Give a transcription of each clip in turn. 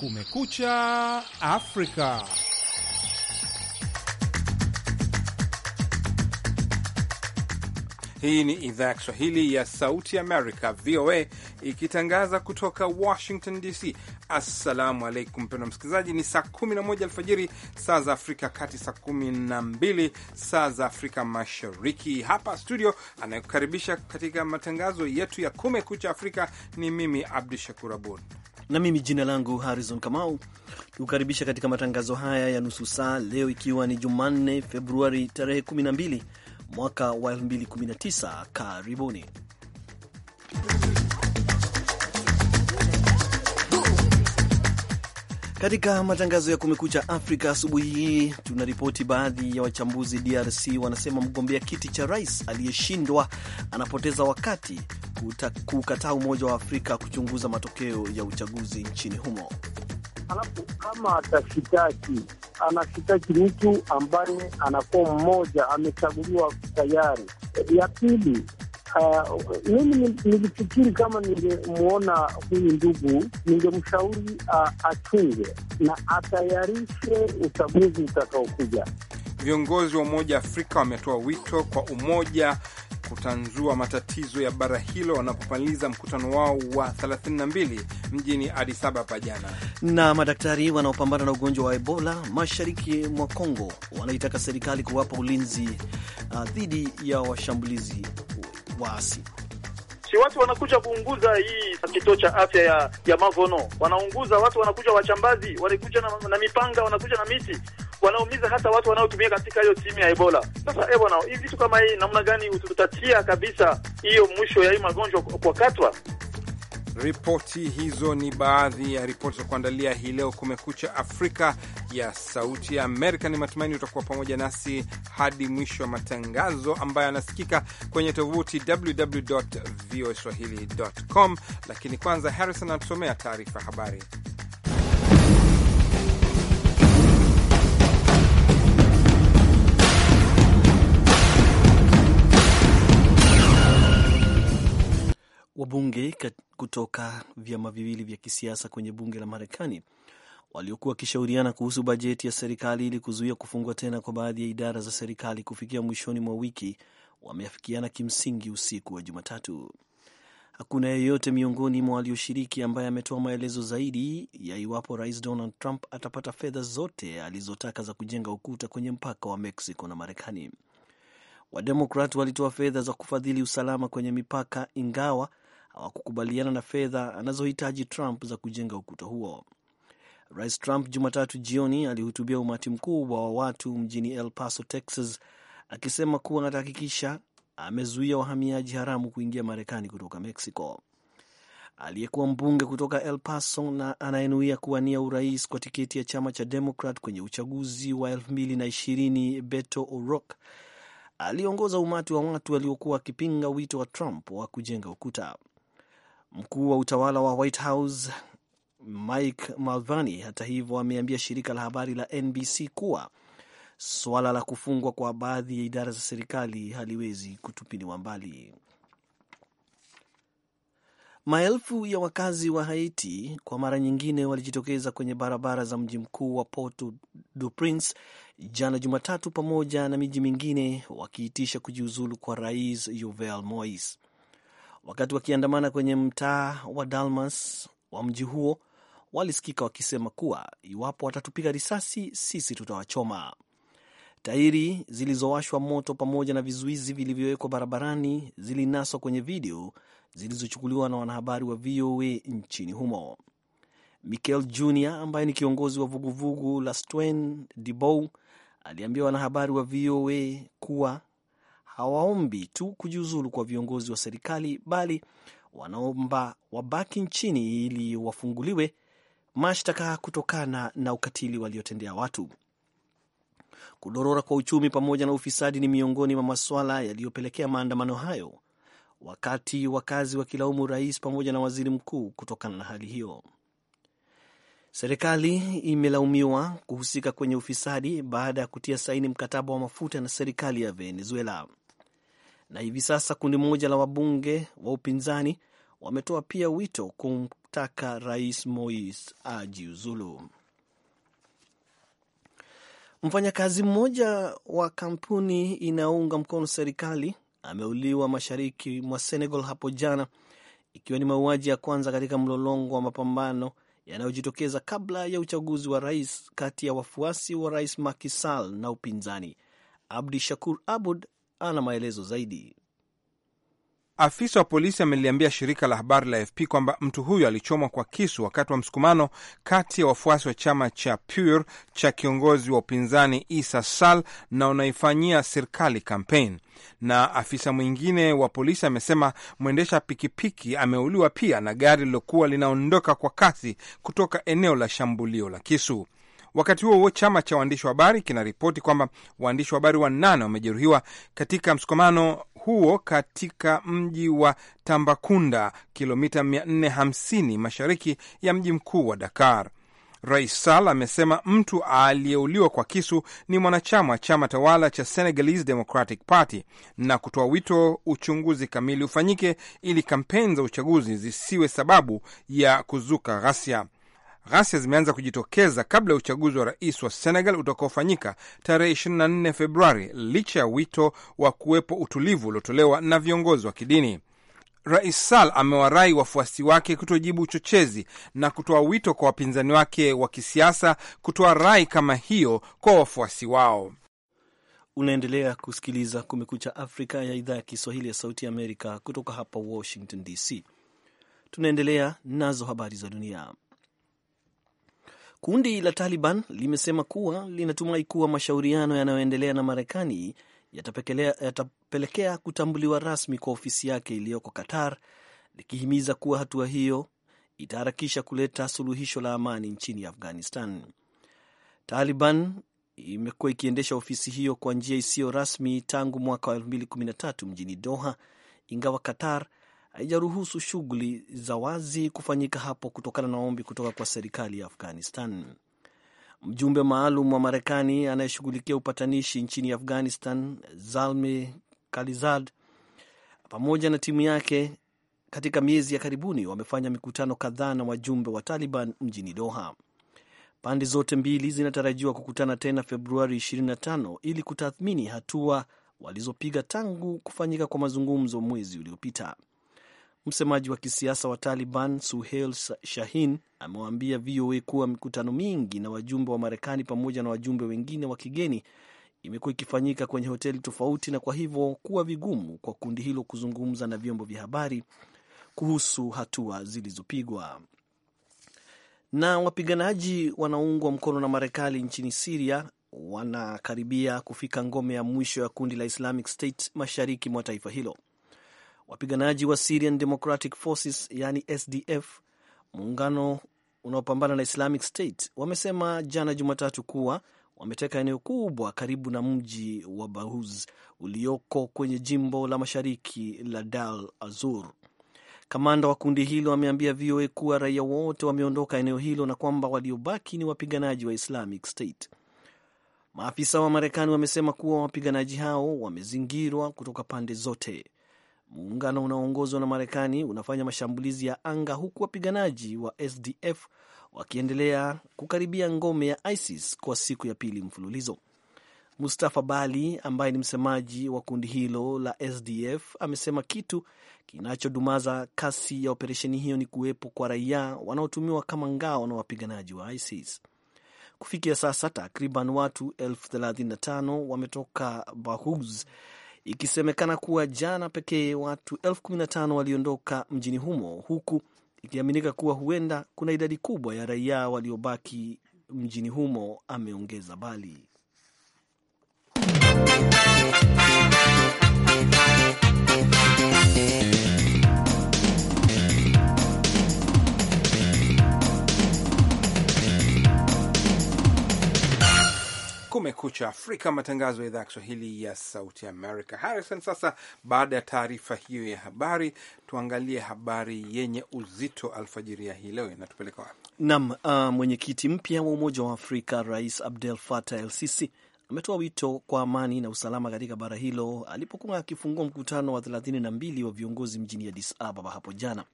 Kumekucha Afrika. Hii ni idhaa ya Kiswahili ya Sauti Amerika, VOA, ikitangaza kutoka Washington DC. Assalamu alaikum, mpendwa msikilizaji. Ni saa 11 alfajiri saa za Afrika Kati, saa 12 saa za Afrika Mashariki. Hapa studio anayekukaribisha katika matangazo yetu ya Kumekucha Afrika ni mimi Abdu Shakur Abud na mimi jina langu Harrison Kamau, tukukaribisha katika matangazo haya ya nusu saa leo, ikiwa ni Jumanne Februari tarehe 12 mwaka wa 2019. Karibuni katika matangazo ya Kumekucha Afrika. Asubuhi hii tunaripoti, baadhi ya wachambuzi DRC wanasema mgombea kiti cha rais aliyeshindwa anapoteza wakati kukataa Umoja wa Afrika kuchunguza matokeo ya uchaguzi nchini humo. alafu kama atashitaki, anashitaki mtu ambaye anakuwa mmoja amechaguliwa tayari. Ya pili, uh, mimi nilifikiri kama ningemwona huyu ndugu ningemshauri uh, achunge na atayarishe uchaguzi utakaokuja. Viongozi wa Umoja wa Afrika wametoa wito kwa umoja kutanzua matatizo ya bara hilo wanapomaliza mkutano wao wa 32 mjini Addis Ababa jana. Na madaktari wanaopambana na ugonjwa wa Ebola mashariki mwa Kongo wanaitaka serikali kuwapa ulinzi uh, dhidi uh, ya washambulizi waasi. Si watu wanakuja kuunguza hii kituo cha afya ya, ya Mavono, wanaunguza watu, wanakuja wachambazi, wanakuja na, na mipanga, wanakuja na miti wanaumiza hata watu wanaotumia katika hiyo timu ya Ebola. Sasa eh, bwana, hii vitu kama hii namna gani tutatia kabisa hiyo mwisho ya hii magonjwa kwa katwa? Ripoti hizo ni baadhi ya ripoti za kuandalia hii leo. Kumekucha Afrika ya Sauti ya Amerika, ni matumaini utakuwa pamoja nasi hadi mwisho wa matangazo ambayo yanasikika kwenye tovuti www voaswahili.com. Lakini kwanza, Harrison anatusomea taarifa habari. Wabunge kutoka vyama viwili vya kisiasa kwenye bunge la Marekani waliokuwa wakishauriana kuhusu bajeti ya serikali ili kuzuia kufungwa tena kwa baadhi ya idara za serikali kufikia mwishoni mwa wiki wameafikiana kimsingi usiku wa Jumatatu. Hakuna yeyote miongoni mwa walioshiriki ambaye ametoa maelezo zaidi ya iwapo Rais Donald Trump atapata fedha zote alizotaka za kujenga ukuta kwenye mpaka wa Mexico na Marekani. Wademokrat walitoa fedha za kufadhili usalama kwenye mipaka, ingawa hawakukubaliana na fedha anazohitaji Trump za kujenga ukuta huo. Rais Trump Jumatatu jioni alihutubia umati mkubwa wa watu mjini El Paso, Texas, akisema kuwa atahakikisha amezuia wahamiaji haramu kuingia Marekani kutoka Mexico. Aliyekuwa mbunge kutoka El Paso na anayenuia kuwania urais kwa tiketi ya chama cha Demokrat kwenye uchaguzi wa 2020 Beto O'Rourke aliongoza umati wa watu waliokuwa wakipinga wito wa Trump wa kujenga ukuta. Mkuu wa utawala wa White House Mike Mulvaney, hata hivyo, ameambia shirika la habari la NBC kuwa suala la kufungwa kwa baadhi ya idara za serikali haliwezi kutupiliwa mbali. Maelfu ya wakazi wa Haiti kwa mara nyingine walijitokeza kwenye barabara za mji mkuu wa Port-au-Prince jana Jumatatu, pamoja na miji mingine wakiitisha kujiuzulu kwa Rais Jovenel Moise. Wakati wakiandamana kwenye mtaa wa Dalmas wa mji huo, walisikika wakisema kuwa iwapo watatupiga risasi, sisi tutawachoma. Tairi zilizowashwa moto pamoja na vizuizi vilivyowekwa barabarani zilinaswa kwenye video zilizochukuliwa na wanahabari wa VOA nchini humo. Michael Jr ambaye ni kiongozi wa vuguvugu la Stwen Debow aliambia wanahabari wa VOA kuwa hawaombi tu kujiuzulu kwa viongozi wa serikali, bali wanaomba wabaki nchini ili wafunguliwe mashtaka kutokana na ukatili waliotendea watu. Kudorora kwa uchumi pamoja na ufisadi ni miongoni mwa masuala yaliyopelekea maandamano hayo, wakati wakazi wakilaumu rais pamoja na waziri mkuu kutokana na hali hiyo. Serikali imelaumiwa kuhusika kwenye ufisadi baada ya kutia saini mkataba wa mafuta na serikali ya Venezuela na hivi sasa kundi moja la wabunge wa upinzani wametoa pia wito kumtaka rais Mois ajiuzulu. Mfanyakazi mmoja wa kampuni inayounga mkono serikali ameuliwa mashariki mwa Senegal hapo jana, ikiwa ni mauaji ya kwanza katika mlolongo wa mapambano yanayojitokeza kabla ya uchaguzi wa rais kati ya wafuasi wa rais Macky Sall na upinzani. Abdi Shakur Abud ana maelezo zaidi. Afisa wa polisi ameliambia shirika la habari la fp kwamba mtu huyo alichomwa kwa kisu wakati wa msukumano kati ya wafuasi wa chama cha pur cha kiongozi wa upinzani Isa Sal na unaifanyia serikali kampeni. Na afisa mwingine wa polisi amesema mwendesha pikipiki ameuliwa pia na gari lilokuwa linaondoka kwa kasi kutoka eneo la shambulio la kisu. Wakati huo huo, chama cha waandishi wa habari kinaripoti kwamba waandishi wa habari wanane wamejeruhiwa katika msukumano huo katika mji wa Tambakunda, kilomita 450 mashariki ya mji mkuu wa Dakar. Rais Sall amesema mtu aliyeuliwa kwa kisu ni mwanachama wa chama tawala cha Senegalese Democratic Party na kutoa wito uchunguzi kamili ufanyike ili kampeni za uchaguzi zisiwe sababu ya kuzuka ghasia. Ghasia zimeanza kujitokeza kabla ya uchaguzi wa rais wa Senegal utakaofanyika tarehe 24 Februari, licha ya wito wa kuwepo utulivu uliotolewa na viongozi wa kidini. Rais Sall amewarai wafuasi wake kutojibu uchochezi na kutoa wito kwa wapinzani wake wa kisiasa kutoa rai kama hiyo kwa wafuasi wao. Unaendelea kusikiliza Kumekucha Afrika ya idhaa ya Kiswahili ya Sauti ya Amerika kutoka hapa Washington DC. Tunaendelea nazo habari za dunia. Kundi la Taliban limesema kuwa linatumai kuwa mashauriano yanayoendelea na Marekani yatapelekea kutambuliwa rasmi kwa ofisi yake iliyoko Qatar, likihimiza kuwa hatua hiyo itaharakisha kuleta suluhisho la amani nchini Afghanistan. Taliban imekuwa ikiendesha ofisi hiyo kwa njia isiyo rasmi tangu mwaka wa 2013 mjini Doha, ingawa Qatar haijaruhusu shughuli za wazi kufanyika hapo kutokana na ombi kutoka kwa serikali ya Afghanistan. Mjumbe maalum wa Marekani anayeshughulikia upatanishi nchini Afghanistan, Zalmi Kalizad, pamoja na timu yake katika miezi ya karibuni wamefanya mikutano kadhaa na wajumbe wa Taliban mjini Doha. Pande zote mbili zinatarajiwa kukutana tena Februari 25 ili kutathmini hatua walizopiga tangu kufanyika kwa mazungumzo mwezi uliopita. Msemaji wa kisiasa wa Taliban suhel Shahin amewaambia VOA kuwa mikutano mingi na wajumbe wa Marekani pamoja na wajumbe wengine wa kigeni imekuwa ikifanyika kwenye hoteli tofauti, na kwa hivyo kuwa vigumu kwa kundi hilo kuzungumza na vyombo vya habari kuhusu hatua zilizopigwa. Na wapiganaji wanaoungwa mkono na Marekani nchini Siria wanakaribia kufika ngome ya mwisho ya kundi la Islamic State mashariki mwa taifa hilo. Wapiganaji wa Syrian Democratic Forces yani SDF, muungano unaopambana na Islamic State, wamesema jana Jumatatu kuwa wameteka eneo kubwa karibu na mji wa Bahuz ulioko kwenye jimbo la mashariki la Dal Azur. Kamanda wa kundi hilo ameambia VOA kuwa raia wote wameondoka eneo hilo na kwamba waliobaki ni wapiganaji wa Islamic State. Maafisa wa Marekani wamesema kuwa wapiganaji hao wamezingirwa kutoka pande zote. Muungano unaoongozwa na Marekani unafanya mashambulizi ya anga huku wapiganaji wa SDF wakiendelea kukaribia ngome ya ISIS kwa siku ya pili mfululizo. Mustafa Bali ambaye ni msemaji wa kundi hilo la SDF amesema kitu kinachodumaza kasi ya operesheni hiyo ni kuwepo kwa raia wanaotumiwa kama ngao na wapiganaji wa ISIS. Kufikia sasa takriban watu elfu 35 wametoka Bahuz ikisemekana kuwa jana pekee watu elfu 15 waliondoka mjini humo, huku ikiaminika kuwa huenda kuna idadi kubwa ya raia waliobaki mjini humo, ameongeza Bali. Kumekucha Afrika, matangazo ya idhaa ya Kiswahili ya Sauti Amerika. Harrison, sasa baada ya taarifa hiyo ya habari, tuangalie habari yenye uzito alfajiri ya hii leo. Inatupeleka wapi? Naam, uh, mwenyekiti mpya wa Umoja wa Afrika Rais Abdel Fattah El Sisi ametoa wito kwa amani na usalama katika bara hilo alipokuwa akifungua mkutano wa 32 wa viongozi mjini Addis Ababa hapo jana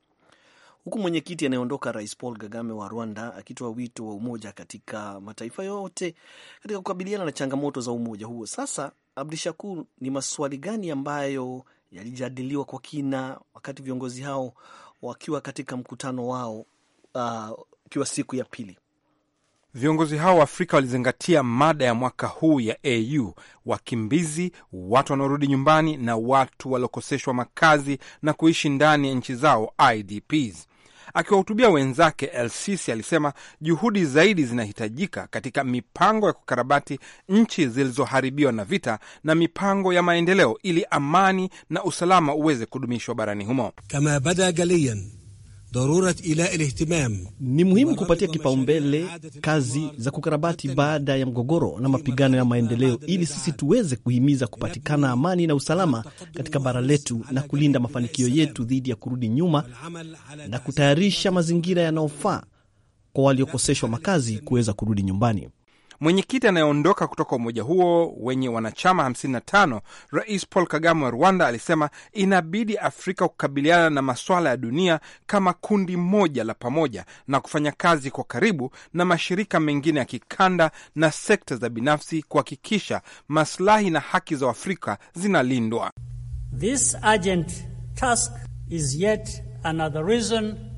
huku mwenyekiti anayeondoka Rais Paul Kagame wa Rwanda akitoa wito wa umoja katika mataifa yote katika kukabiliana na changamoto za umoja huo. Sasa Abdishakur, ni maswali gani ambayo yalijadiliwa kwa kina wakati viongozi hao wakiwa katika mkutano wao ukiwa uh, siku ya pili? Viongozi hao wa Afrika walizingatia mada ya mwaka huu ya AU: wakimbizi, watu wanaorudi nyumbani na watu waliokoseshwa makazi na kuishi ndani ya nchi zao, IDPs. Akiwahutubia wenzake, El-Sisi alisema juhudi zaidi zinahitajika katika mipango ya kukarabati nchi zilizoharibiwa na vita na mipango ya maendeleo ili amani na usalama uweze kudumishwa barani humo kama bada galiyan ni muhimu kupatia kipaumbele kazi za kukarabati baada ya mgogoro na mapigano ya maendeleo, ili sisi tuweze kuhimiza kupatikana amani na usalama katika bara letu na kulinda mafanikio yetu dhidi ya kurudi nyuma na kutayarisha mazingira yanayofaa kwa waliokoseshwa makazi kuweza kurudi nyumbani mwenyekiti anayeondoka kutoka umoja huo wenye wanachama 55, Rais Paul Kagame wa Rwanda alisema inabidi Afrika kukabiliana na maswala ya dunia kama kundi moja la pamoja na kufanya kazi kwa karibu na mashirika mengine ya kikanda na sekta za binafsi kuhakikisha maslahi na haki za Afrika zinalindwa. This urgent task is yet another reason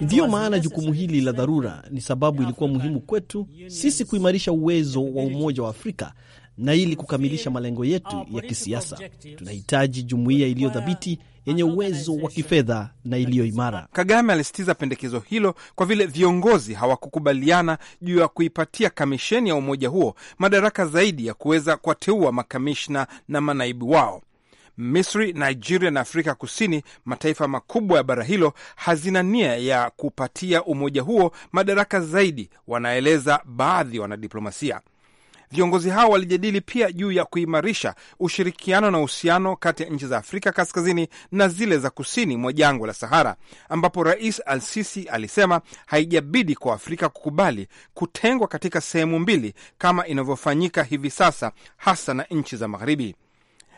Ndiyo maana jukumu hili la dharura ni sababu ilikuwa muhimu kwetu sisi kuimarisha uwezo wa Umoja wa Afrika na ili kukamilisha malengo yetu ya kisiasa, tunahitaji jumuiya iliyo thabiti yenye uwezo wa kifedha na iliyo imara. Kagame alisitiza pendekezo hilo kwa vile viongozi hawakukubaliana juu ya kuipatia kamisheni ya umoja huo madaraka zaidi ya kuweza kuwateua makamishna na manaibu wao. Misri, Nigeria na Afrika Kusini, mataifa makubwa ya bara hilo, hazina nia ya kupatia umoja huo madaraka zaidi, wanaeleza baadhi ya wanadiplomasia. Viongozi hao walijadili pia juu ya kuimarisha ushirikiano na uhusiano kati ya nchi za Afrika kaskazini na zile za kusini mwa jangwa la Sahara, ambapo Rais Al-Sisi alisema haijabidi kwa Afrika kukubali kutengwa katika sehemu mbili kama inavyofanyika hivi sasa, hasa na nchi za Magharibi.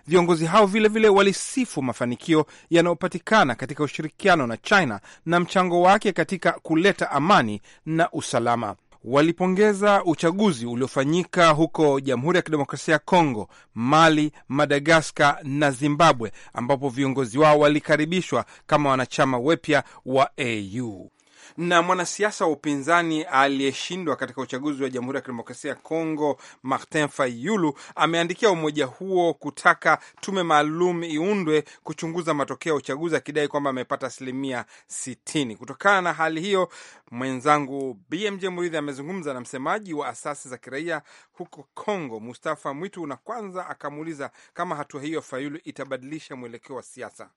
Viongozi hao vilevile vile walisifu mafanikio yanayopatikana katika ushirikiano na China na mchango wake katika kuleta amani na usalama. Walipongeza uchaguzi uliofanyika huko Jamhuri ya Kidemokrasia ya Kongo, Mali, Madagaskar na Zimbabwe, ambapo viongozi wao walikaribishwa kama wanachama wapya wa AU. Na mwanasiasa wa upinzani aliyeshindwa katika uchaguzi wa Jamhuri ya Kidemokrasia ya Kongo, Martin Fayulu ameandikia umoja huo kutaka tume maalum iundwe kuchunguza matokeo ya uchaguzi, akidai kwamba amepata asilimia sitini. Kutokana na hali hiyo, mwenzangu BMJ Muridhi amezungumza na msemaji wa asasi za kiraia huko Kongo, Mustafa Mwitu, na kwanza akamuuliza kama hatua hiyo Fayulu itabadilisha mwelekeo wa siasa.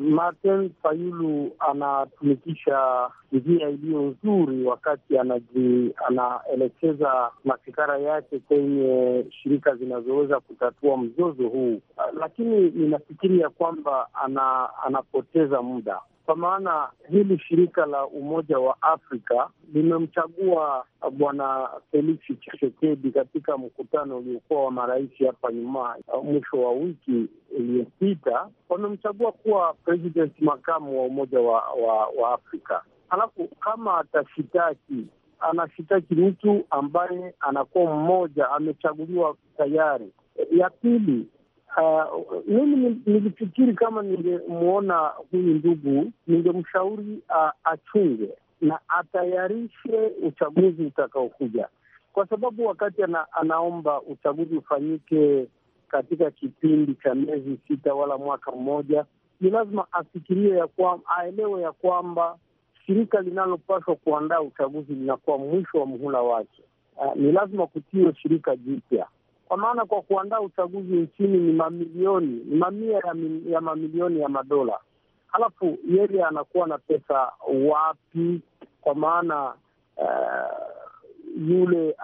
Martin Fayulu anatumikisha njia iliyo nzuri wakati anaji, anaelekeza mafikara yake kwenye shirika zinazoweza kutatua mzozo huu, lakini ninafikiri ya kwamba ana, anapoteza muda kwa maana hili shirika la Umoja wa Afrika limemchagua Bwana Felix chisekedi katika mkutano uliokuwa wa marais hapa nyuma mwisho wa wiki iliyopita, wamemchagua kuwa president makamu wa Umoja wa, wa, wa Afrika. Halafu kama atashitaki anashitaki mtu ambaye anakuwa mmoja amechaguliwa tayari. Ya pili Uh, mimi uh, nilifikiri kama ningemwona huyu ndugu ningemshauri uh, achunge na atayarishe uchaguzi utakaokuja, kwa sababu wakati ana, anaomba uchaguzi ufanyike katika kipindi cha miezi sita wala mwaka mmoja, ni lazima afikirie ya aelewe ya kwamba shirika linalopaswa kuandaa uchaguzi linakuwa mwisho wa muhula wake. Uh, ni lazima kutiwe shirika jipya kwa maana kwa kuandaa uchaguzi nchini ni mamilioni, ni mamia ya, ya mamilioni ya madola. Halafu yeye anakuwa na pesa wapi? Kwa maana uh, yule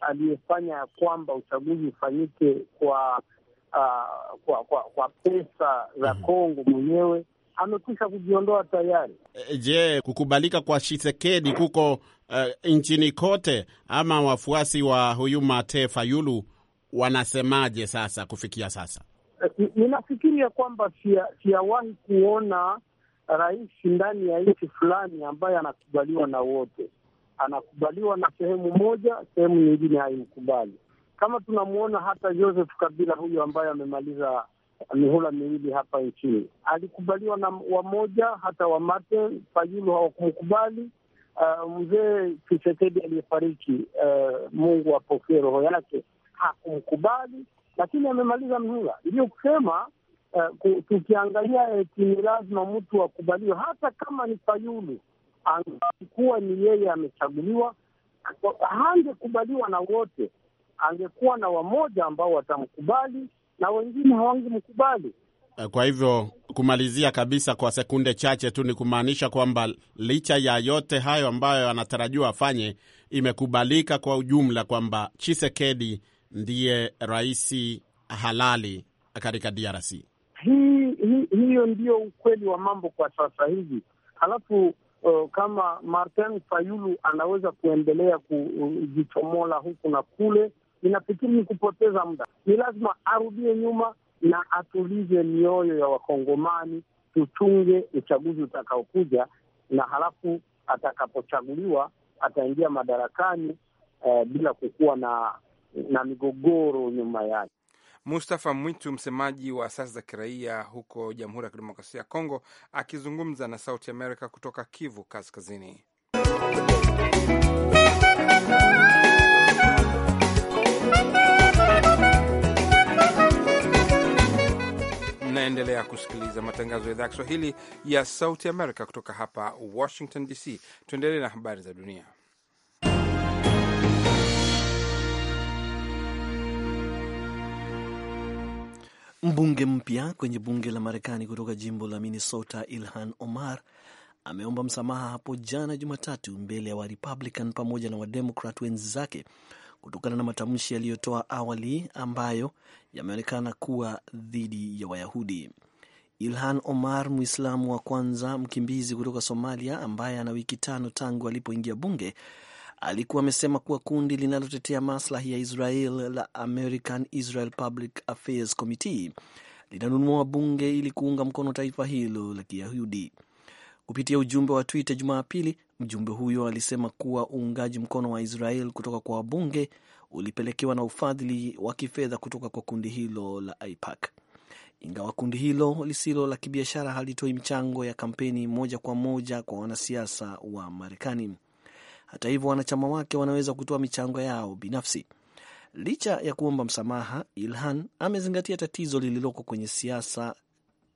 aliyefanya ya kwamba uchaguzi ufanyike kwa, uh, kwa kwa kwa pesa za mhm. Kongo mwenyewe amekwisha kujiondoa tayari. Je, kukubalika kwa Shisekedi kuko uh, nchini kote ama wafuasi wa huyu Mate Fayulu wanasemaje sasa kufikia sasa? Eh, Ninafikiria kwamba siyawahi kuona rais ndani ya nchi fulani ambaye anakubaliwa na wote, anakubaliwa na sehemu moja, sehemu nyingine haimkubali, kama tunamwona hata Joseph Kabila huyu ambaye amemaliza mihula miwili hapa nchini, alikubaliwa na wamoja, hata Wamate Fayulu hawakumkubali uh, mzee Tshisekedi aliyefariki uh, Mungu apokee roho yake, hakumkubali lakini amemaliza mhula. Ndio kusema uh, tukiangalia eti ni lazima mtu akubaliwe, hata kama ni Fayulu angekuwa ni yeye amechaguliwa, hangekubaliwa na wote, angekuwa na wamoja ambao watamkubali na wengine hawangemkubali. Eh, kwa hivyo kumalizia kabisa kwa sekunde chache tu, ni kumaanisha kwamba licha ya yote hayo ambayo anatarajiwa afanye, imekubalika kwa ujumla kwamba Chisekedi ndiye rais halali katika DRC. Hi, hi, hiyo ndio ukweli wa mambo kwa sasa hivi. Halafu uh, kama Martin Fayulu anaweza kuendelea kujichomola uh, huku na kule, inafikiri ni kupoteza muda. Ni lazima arudie nyuma na atulize mioyo ya Wakongomani, tuchunge uchaguzi utakaokuja, na halafu atakapochaguliwa ataingia madarakani eh, bila kukuwa na na migogoro nyuma yake. Mustafa Mwitu, msemaji wa asasi za kiraia huko Jamhuri ya Kidemokrasia ya Kongo, akizungumza na Sauti Amerika kutoka Kivu Kaskazini. Unaendelea kusikiliza matangazo ya idhaa ya Kiswahili ya Sauti Amerika kutoka hapa Washington DC. Tuendelee na habari za dunia. Mbunge mpya kwenye bunge la Marekani kutoka jimbo la Minnesota, Ilhan Omar ameomba msamaha hapo jana Jumatatu mbele ya Warepublican pamoja na Wademokrat wenzake kutokana na matamshi yaliyotoa awali ambayo yameonekana kuwa dhidi ya Wayahudi. Ilhan Omar, Mwislamu wa kwanza mkimbizi kutoka Somalia ambaye ana wiki tano tangu alipoingia bunge, alikuwa amesema kuwa kundi linalotetea maslahi ya Israel la American Israel Public Affairs Committee linanunua bunge ili kuunga mkono taifa hilo la Kiyahudi. Kupitia ujumbe wa Twitter Jumapili, mjumbe huyo alisema kuwa uungaji mkono wa Israel kutoka kwa wabunge ulipelekewa na ufadhili wa kifedha kutoka kwa kundi hilo la AIPAC. Ingawa kundi hilo lisilo la kibiashara halitoi mchango ya kampeni moja kwa moja kwa wanasiasa wa Marekani, hata hivyo, wanachama wake wanaweza kutoa michango yao binafsi. Licha ya kuomba msamaha, Ilhan amezingatia tatizo lililoko kwenye siasa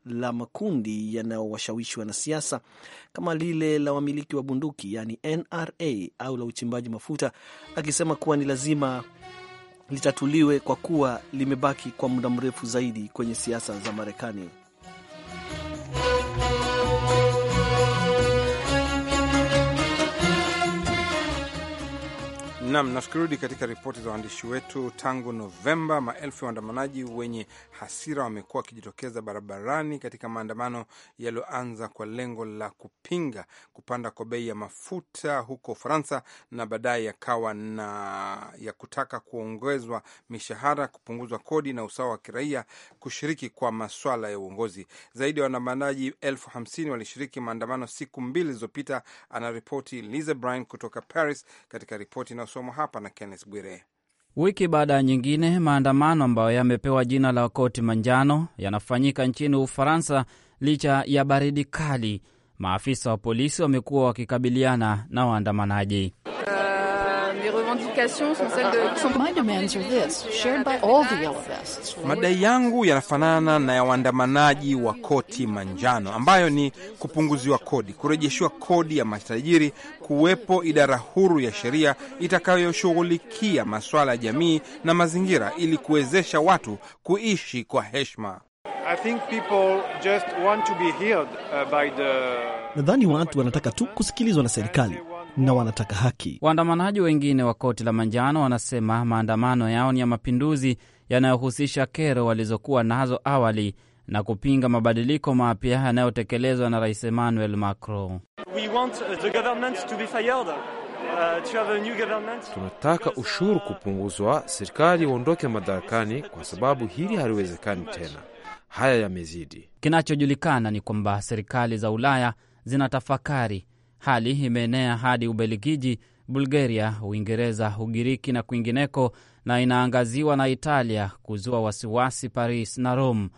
la makundi yanayowashawishi wanasiasa kama lile la wamiliki wa bunduki yaani NRA au la uchimbaji mafuta, akisema kuwa ni lazima litatuliwe kwa kuwa limebaki kwa muda mrefu zaidi kwenye siasa za Marekani. Nam, nafikirudi katika ripoti za waandishi wetu. Tangu Novemba, maelfu ya waandamanaji wenye hasira wamekuwa wakijitokeza barabarani katika maandamano yaliyoanza kwa lengo la kupinga kupanda kwa bei ya mafuta huko Ufaransa na baadaye yakawa na ya kutaka kuongezwa mishahara, kupunguzwa kodi na usawa wa kiraia, kushiriki kwa maswala ya uongozi. Zaidi ya waandamanaji elfu hamsini walishiriki maandamano siku mbili zilizopita, anaripoti Lise Bryan kutoka Paris katika ripoti na yanayosomwa hapa na Kenneth Bwire. Wiki baada ya nyingine, maandamano ambayo yamepewa jina la koti manjano yanafanyika nchini Ufaransa licha ya baridi kali. Maafisa wa polisi wamekuwa wakikabiliana na waandamanaji revendications sont celles de, sont... My demands are this, shared by all the yellow vests. Madai yangu yanafanana na ya waandamanaji wa koti manjano ambayo ni kupunguziwa kodi, kurejeshiwa kodi ya matajiri, kuwepo idara huru ya sheria itakayoshughulikia masuala ya jamii na mazingira ili kuwezesha watu kuishi kwa heshima. Nadhani watu wanataka tu kusikilizwa na serikali na wanataka haki. Waandamanaji wengine wa koti la manjano wanasema maandamano yao ni ya mapinduzi yanayohusisha kero walizokuwa nazo awali na kupinga mabadiliko mapya yanayotekelezwa na Rais Emmanuel Macron. We want the government to be fired. Uh, tunataka ushuru kupunguzwa, serikali iondoke madarakani kwa sababu hili haliwezekani tena. Haya yamezidi. Kinachojulikana ni kwamba serikali za Ulaya zinatafakari Hali imeenea hadi Ubelgiji, Bulgaria, Uingereza, Ugiriki na kwingineko na inaangaziwa na Italia kuzua wasiwasi Paris na Rome.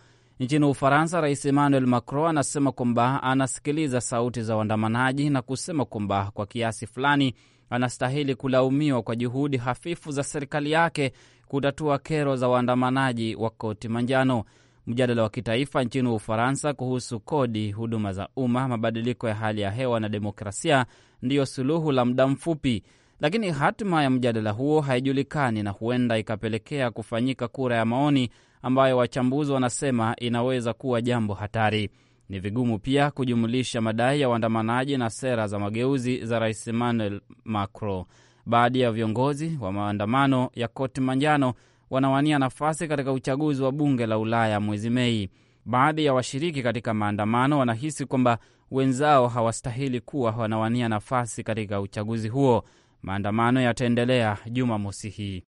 Nchini Ufaransa, Rais Emmanuel Macron anasema kwamba anasikiliza sauti za waandamanaji na kusema kwamba kwa kiasi fulani anastahili kulaumiwa kwa juhudi hafifu za serikali yake kutatua kero za waandamanaji wa koti manjano mjadala wa kitaifa nchini Ufaransa kuhusu kodi, huduma za umma, mabadiliko ya hali ya hewa na demokrasia ndiyo suluhu la muda mfupi, lakini hatima ya mjadala huo haijulikani na huenda ikapelekea kufanyika kura ya maoni ambayo wachambuzi wanasema inaweza kuwa jambo hatari. Ni vigumu pia kujumulisha madai ya waandamanaji na sera za mageuzi za Rais Emmanuel Macron. Baadhi ya viongozi wa maandamano ya koti manjano wanawania nafasi katika uchaguzi wa bunge la Ulaya mwezi Mei. Baadhi ya washiriki katika maandamano wanahisi kwamba wenzao hawastahili kuwa wanawania nafasi katika uchaguzi huo. Maandamano yataendelea Jumamosi hii.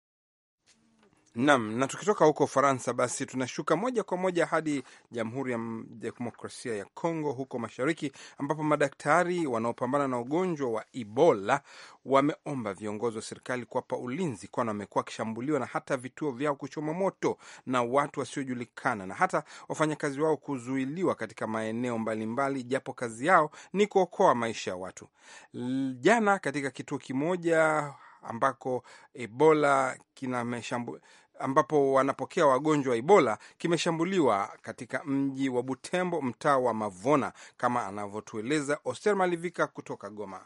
Nam, na tukitoka huko ufaransa basi tunashuka moja kwa moja hadi Jamhuri ya Demokrasia ya Kongo huko mashariki, ambapo madaktari wanaopambana na ugonjwa wa Ebola wameomba viongozi wa serikali kuwapa ulinzi, kwani wamekuwa wakishambuliwa na hata vituo vyao kuchoma moto na watu wasiojulikana, na hata wafanyakazi wao kuzuiliwa katika maeneo mbalimbali, japo kazi yao ni kuokoa maisha ya watu. Jana katika kituo kimoja ambako Ebola kinameshambu ambapo wanapokea wagonjwa wa Ebola kimeshambuliwa katika mji wa Butembo, mtaa wa Mavona, kama anavyotueleza Oster Malivika kutoka Goma.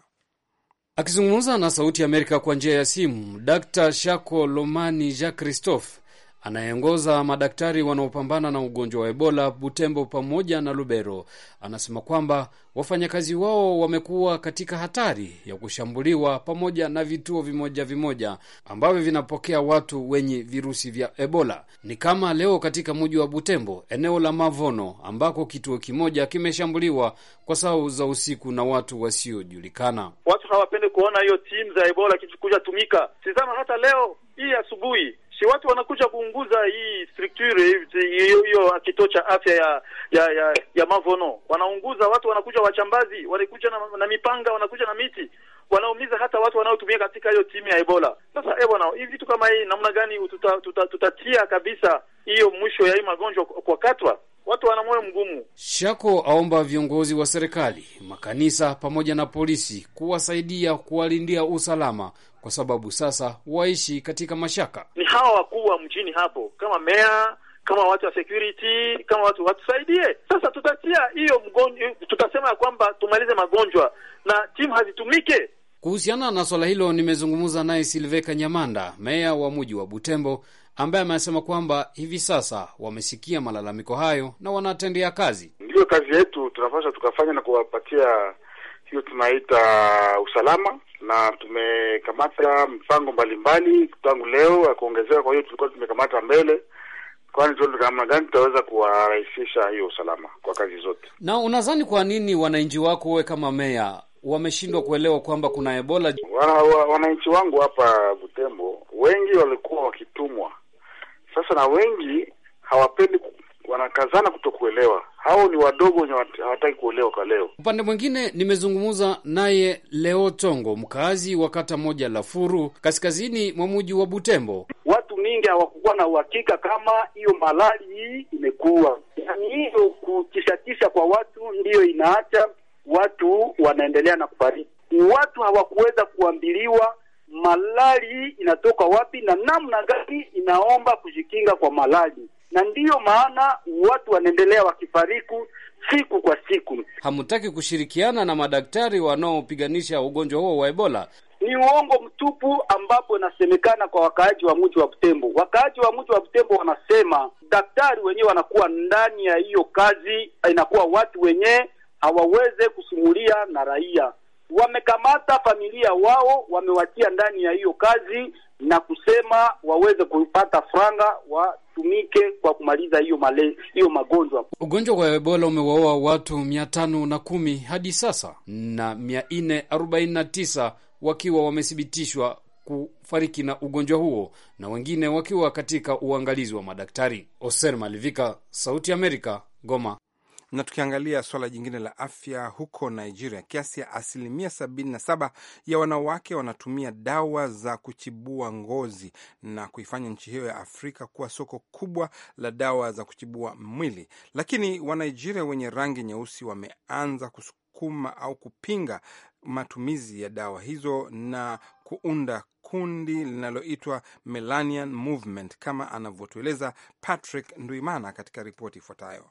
Akizungumza na Sauti ya Amerika kwa njia ya simu, Dr Shako Lomani Jean Christophe anayeongoza madaktari wanaopambana na ugonjwa wa Ebola Butembo pamoja na Lubero, anasema kwamba wafanyakazi wao wamekuwa katika hatari ya kushambuliwa pamoja na vituo vimoja vimoja ambavyo vinapokea watu wenye virusi vya Ebola. Ni kama leo katika mji wa Butembo, eneo la Mavono, ambako kituo kimoja kimeshambuliwa kwa sababu za usiku na watu wasiojulikana. Watu hawapendi kuona hiyo timu za Ebola kuja tumika. Tizama hata leo hii asubuhi si watu wanakuja kuunguza hii structure hiyo hiyo kituo cha afya ya ya ya, ya Mavono, wanaunguza watu, wanakuja wachambazi, wanakuja na, na mipanga, wanakuja na miti, wanaumiza hata watu wanaotumia katika hiyo timu ya Ebola. Sasa eh bwana, hivi vitu kama hii namna gani tutatia tuta, tuta kabisa hiyo mwisho ya hii magonjwa kwa katwa? watu wana moyo mgumu. Shako aomba viongozi wa serikali, makanisa pamoja na polisi kuwasaidia kuwalindia usalama, kwa sababu sasa waishi katika mashaka. Ni hawa wakuu wa mjini hapo, kama meya, kama watu wa security, kama watu watusaidie. Sasa tutatia hiyo mgonjwa, tutasema ya kwamba tumalize magonjwa na timu hazitumike. Kuhusiana na swala hilo, nimezungumza naye Silveka Nyamanda, meya wa muji wa Butembo ambaye amesema kwamba hivi sasa wamesikia malalamiko hayo na wanatendea kazi. Ndiyo kazi yetu tunapaswa tukafanya na kuwapatia hiyo tunaita usalama, na tumekamata mpango mbalimbali tangu leo ya kuongezeka. Kwa hiyo tulikuwa tumekamata mbele kwani tuone namna gani tutaweza kuwarahisisha hiyo usalama kwa kazi zote. Na unadhani kwa nini wananchi wako wewe kama meya wameshindwa kuelewa kwamba kuna Ebola? Wananchi wangu hapa Butembo wengi walikuwa wakitumwa sasa na wengi hawapendi, wanakazana kutokuelewa. Hao ni wadogo wenye hawataki kuolewa kwa leo. Upande mwingine, nimezungumza naye Leo Tongo, mkazi wa kata moja la Furu, kaskazini mwa muji wa Butembo. Watu mingi hawakukuwa na uhakika kama hiyo malali hii imekuwa, yaani hiyo kutishatisha kwa watu ndiyo inaacha watu wanaendelea na kufariki. Watu hawakuweza kuambiliwa malali inatoka wapi na namna gani inaomba kujikinga kwa malali, na ndiyo maana watu wanaendelea wakifariku siku kwa siku. hamtaki kushirikiana na madaktari wanaopiganisha ugonjwa huo wa Ebola? Ni uongo mtupu, ambapo inasemekana kwa wakaaji wa mji wa Butembo. Wakaaji wa mji wa Butembo wanasema daktari wenyewe wanakuwa ndani ya hiyo kazi, inakuwa watu wenyewe hawaweze kusimulia na raia wamekamata familia wao, wamewatia ndani ya hiyo kazi na kusema waweze kupata franga watumike kwa kumaliza hiyo male, hiyo magonjwa. Ugonjwa wa Ebola umewaua watu mia tano na kumi hadi sasa na mia nne arobaini na tisa wakiwa wamethibitishwa kufariki na ugonjwa huo na wengine wakiwa katika uangalizi wa madaktari. Oser Malivika, Sauti ya Amerika, Goma. Na tukiangalia swala jingine la afya huko Nigeria, kiasi ya asilimia saba ya wanawake wanatumia dawa za kuchibua ngozi na kuifanya nchi hiyo ya Afrika kuwa soko kubwa la dawa za kuchibua mwili, lakini Wanigeria wenye rangi nyeusi wameanza kusukuma au kupinga matumizi ya dawa hizo na kuunda kundi linaloitwa Melanian Movement kama anavyotueleza Patrick Ndwimana katika ripoti ifuatayo.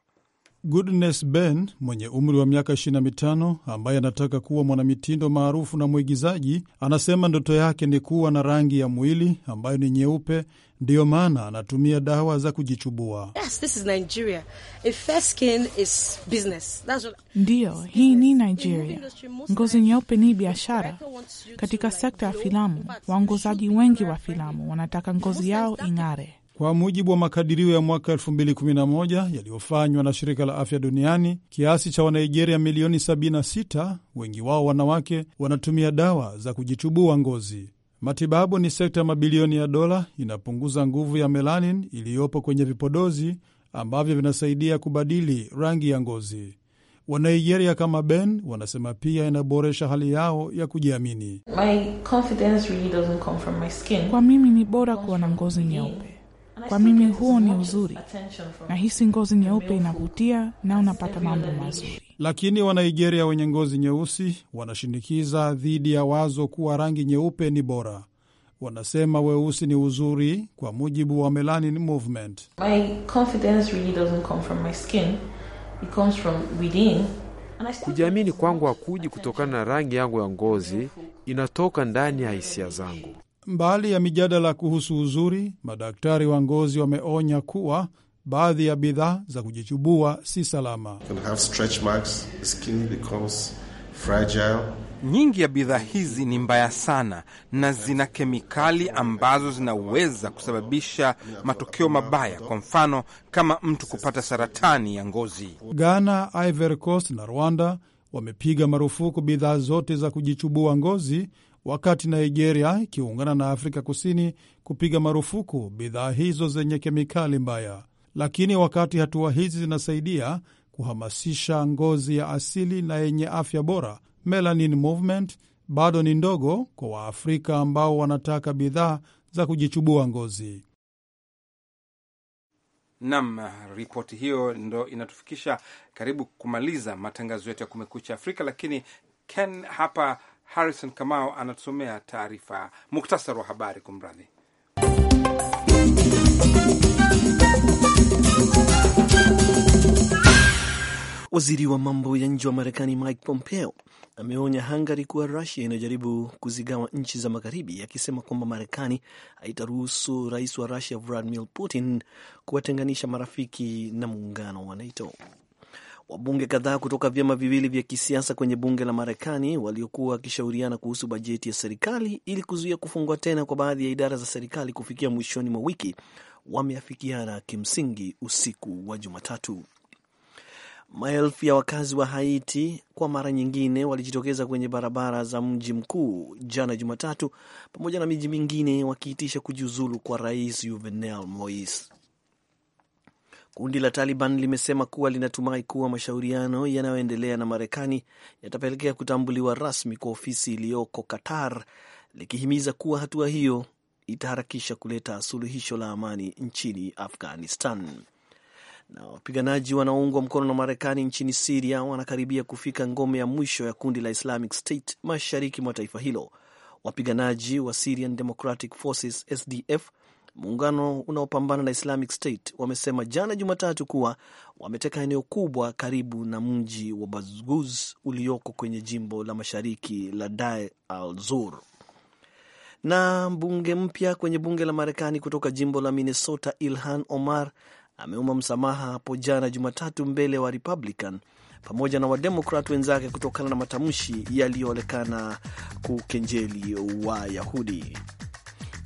Goodness Ben mwenye umri wa miaka 25 ambaye anataka kuwa mwanamitindo maarufu na mwigizaji, anasema ndoto yake ni kuwa na rangi ya mwili ambayo ni nyeupe, ndiyo maana anatumia dawa za kujichubua. Yes, what... ndiyo hii ni Nigeria. Ngozi nyeupe ni biashara. Katika sekta ya filamu, waongozaji wengi wa filamu wanataka ngozi yao ing'are. Kwa mujibu wa makadirio ya mwaka 2011 yaliyofanywa na shirika la afya duniani, kiasi cha Wanigeria milioni 76, wengi wao wanawake, wanatumia dawa za kujitubua ngozi. Matibabu ni sekta ya mabilioni ya dola, inapunguza nguvu ya melanin iliyopo kwenye vipodozi ambavyo vinasaidia kubadili rangi ya ngozi. wanigeria kama Ben wanasema pia inaboresha hali yao ya kujiamini. Really, kwa mimi ni bora kuwa na ngozi nyeupe kwa mimi huo ni uzuri, nahisi ngozi nyeupe inavutia na unapata mambo mazuri. Lakini Wanaigeria wenye ngozi nyeusi wanashinikiza dhidi ya wazo kuwa rangi nyeupe ni bora. Wanasema weusi ni uzuri, kwa mujibu wa Melanin Movement. Kujiamini kwangu hakuji kutokana na rangi yangu ya ngozi, inatoka ndani ya hisia zangu. Mbali ya mijadala kuhusu uzuri, madaktari wa ngozi wameonya kuwa baadhi ya bidhaa za kujichubua si salama. Nyingi ya bidhaa hizi ni mbaya sana na zina kemikali ambazo zinaweza kusababisha matokeo mabaya, kwa mfano kama mtu kupata saratani ya ngozi. Ghana, Ivory Coast na Rwanda wamepiga marufuku bidhaa zote za kujichubua ngozi wakati Nigeria ikiungana na Afrika Kusini kupiga marufuku bidhaa hizo zenye kemikali mbaya. Lakini wakati hatua hizi zinasaidia kuhamasisha ngozi ya asili na yenye afya bora, Melanin Movement bado ni ndogo kwa Waafrika ambao wanataka bidhaa za kujichubua ngozi. Nam, ripoti hiyo ndo inatufikisha karibu kumaliza matangazo yetu ya Kumekucha Afrika, lakini Ken hapa Harrison Kamau anatusomea taarifa, muktasar wa habari. Kumradhi. Waziri wa mambo ya nje wa Marekani Mike Pompeo ameonya Hungary kuwa Rusia inajaribu kuzigawa nchi za Magharibi, akisema kwamba Marekani haitaruhusu rais wa Rusia Vladimir Putin kuwatenganisha marafiki na muungano wa NATO. Wabunge kadhaa kutoka vyama viwili vya kisiasa kwenye bunge la Marekani waliokuwa wakishauriana kuhusu bajeti ya serikali ili kuzuia kufungwa tena kwa baadhi ya idara za serikali kufikia mwishoni mwa wiki wameafikiana kimsingi usiku wa Jumatatu. Maelfu ya wakazi wa Haiti kwa mara nyingine walijitokeza kwenye barabara za mji mkuu jana Jumatatu, pamoja na miji mingine wakiitisha kujiuzulu kwa rais Juvenal Moise. Kundi la Taliban limesema kuwa linatumai kuwa mashauriano yanayoendelea na Marekani yatapelekea kutambuliwa rasmi kwa ofisi iliyoko Qatar, likihimiza kuwa hatua hiyo itaharakisha kuleta suluhisho la amani nchini Afghanistan. Na wapiganaji wanaoungwa mkono na Marekani nchini Siria wanakaribia kufika ngome ya mwisho ya kundi la Islamic State mashariki mwa taifa hilo. Wapiganaji wa Syrian Democratic Forces SDF muungano unaopambana na Islamic State wamesema jana Jumatatu kuwa wameteka eneo kubwa karibu na mji wa Bazguz ulioko kwenye jimbo la mashariki la Dae al-Zur. Na mbunge mpya kwenye bunge la Marekani kutoka jimbo la Minnesota, Ilhan Omar ameomba msamaha hapo jana Jumatatu mbele ya wa Republican pamoja na Wademokrat wenzake kutokana na matamshi yaliyoonekana kukenjeli Wayahudi.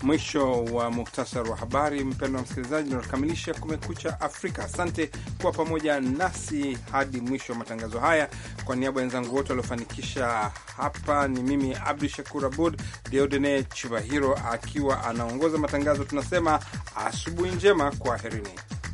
Mwisho wa muhtasari wa habari. Mpendwa msikilizaji, unakamilisha Kumekucha Afrika. Asante kuwa pamoja nasi hadi mwisho wa matangazo haya. Kwa niaba ya wenzangu wote waliofanikisha hapa, ni mimi Abdu Shakur Abud, Deodene Chibahiro akiwa anaongoza matangazo. Tunasema asubuhi njema, kwaherini.